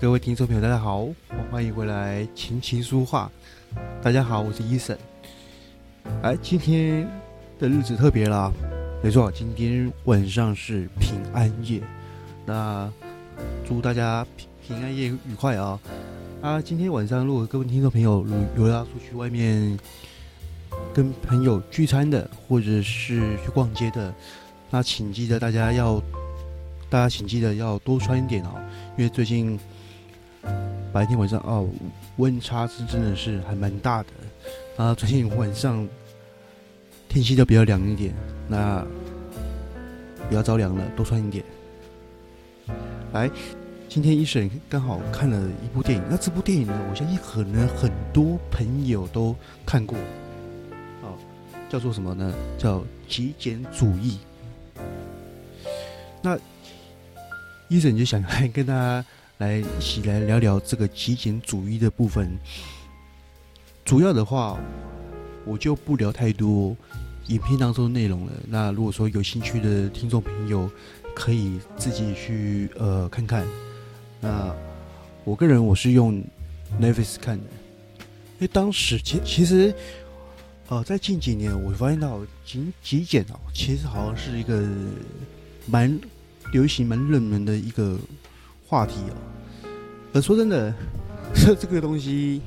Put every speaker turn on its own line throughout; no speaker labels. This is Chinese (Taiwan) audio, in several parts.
各位聽眾朋友，大家好，歡迎回來《琴棋書畫》。大家好，我是 Eason。哎、啊，今天的日子特別啦，沒錯，今天晚上是平安夜。那祝大家平平安夜愉快啊、哦！啊，今天晚上如果各位聽眾朋友有要出去外面跟朋友聚餐的，或者是去逛街的，那請記得大家要，大家請記得要多穿一點哦，因為最近。白天晚上哦，溫差是真的是還蠻大的，啊，最近晚上天氣都比較涼一點，那不要着涼了，多穿一點。來，今天 Eason 剛好看了一部電影，那這部電影呢，我相信可能很多朋友都看過，哦，叫做什麼呢？叫極簡主義。那 Eason 就想來跟大家。來，一起來聊聊這個極簡主義的部分。主要的話，我就不聊太多影片當中的內容了。那如果說有興趣的聽眾朋友，可以自己去呃看看。那我個人我是用 Netflix 看的，因為當時其其實呃、啊、在近幾年我發現到極極簡啊，其實好像是一個蠻流行、蠻熱門的一個話題啊。呃，說真的，這這個東西，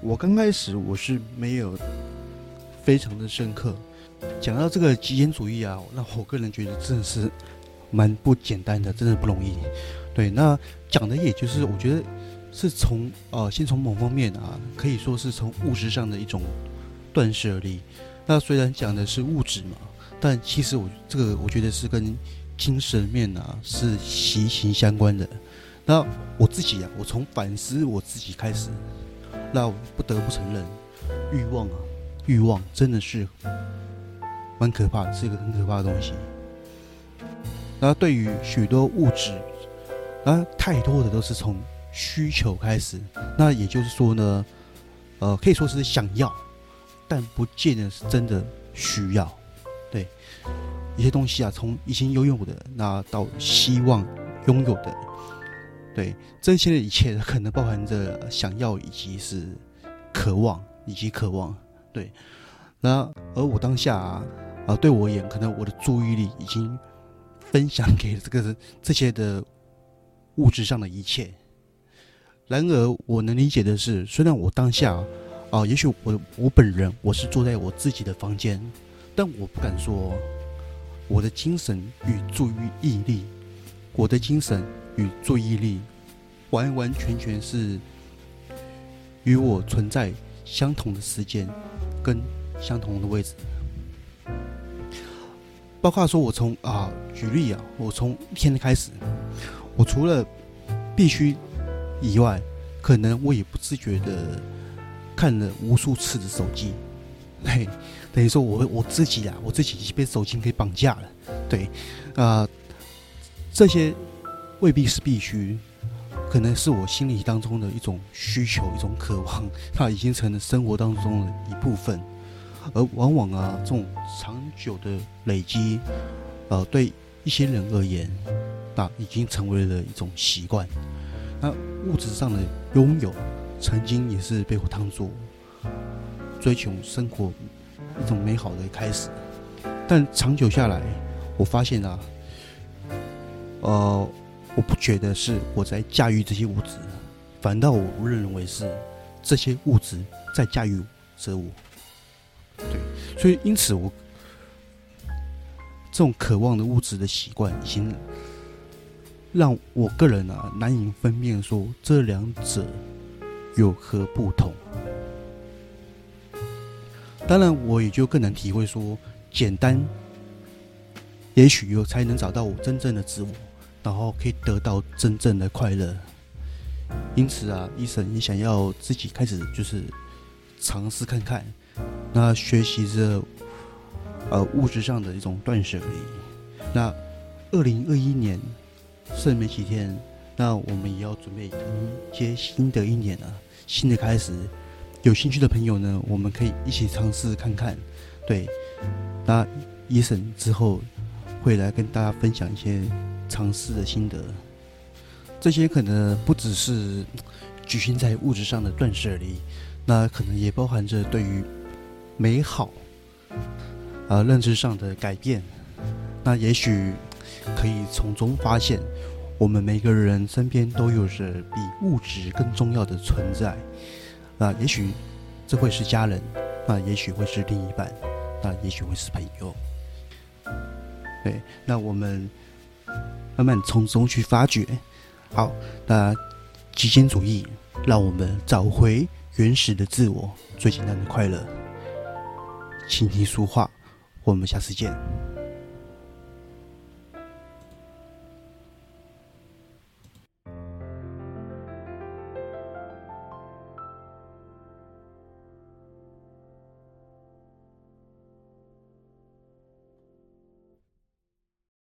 我剛開始我是沒有非常的深刻。講到這個極簡主義啊，那我個人覺得真的是蠻不簡單的，真的不容易。對，那講的也就是，我覺得是從呃，先從某方面啊，可以說是從物質上的一種斷舍離。那雖然講的是物質嘛，但其實我這個我覺得是跟精神面啊是息息相關的。那我自己啊，我從反思我自己開始，那我不得不承認，慾望啊，慾望真的是蠻可怕的，是一個很可怕的東西。那對於許多物質，那，太多的都是從需求開始。那也就是說呢，呃，可以說是想要，但不見得是真的需要。對，一些東西啊，從已經擁有的，那到希望擁有的。對，這些的一切可能包含着想要，以及是渴望，以及渴望。對，那而我當下啊，啊，對我而言，可能我的注意力已經分享給這個這些的物質上的一切。然而，我能理解的是，雖然我當下啊，啊也許我我本人我是坐在我自己的房間，但我不敢說我的精神與注意力，我的精神。與注意力完完全全是與我存在相同的時間跟相同的位置，包括說我，我從啊舉例啊，我從一天開始，我除了必須以外，可能我也不自覺的看了無數次的手機，嘿，等於說我我自己啊，我自己已經被手機給綁架了，對，啊、呃，這些。未必是必須，可能是我心理當中的一種需求、一種渴望，它已經成了生活當中的一部分。而往往啊，這種長久的累積，呃，對一些人而言，那、啊、已經成為了一種習慣。那、啊、物質上的擁有，曾經也是被我當做追求生活一種美好的開始。但長久下來，我發現啊，呃。我不覺得是我在駕馭這些物質，反倒我認為是這些物質在駕馭着我。對，所以因此我這種渴望的物質的習慣，已經讓我個人啊難以分辨說這兩者有何不同。當然，我也就更能體會說，簡單，也許有才能找到我真正的自我。然後可以得到真正的快樂，因此啊，Eason 也想要自己開始就是嘗試看看，那學習着，呃，物質上的一種斷捨離。那二零二一年剩沒幾天，那我們也要準備迎接新的一年了，啊，新的開始。有興趣的朋友呢，我們可以一起嘗試看看。對，那 Eason 之後會來跟大家分享一些。嘗試的心得，這些可能不只是局限在物質上的斷舍離，那可能也包含着對於美好啊認知上的改變。那也許可以從中發現，我們每個人身邊都有着比物質更重要的存在。那也許這會是家人，那也許會是另一半，那也許會是朋友。對，那我們。慢慢從中去發掘，好，那極簡主義讓我們找回原始的自我，最簡單的快樂。琴棋書畫，我們下次見。